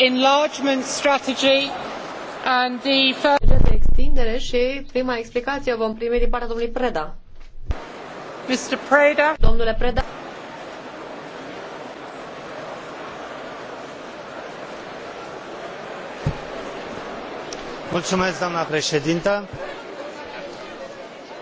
enlargement strategy and the first... de extindere și prima explicație vom primi din partea domnului Preda. Mr. Preda. Domnule Preda. Mulțumesc, doamna președintă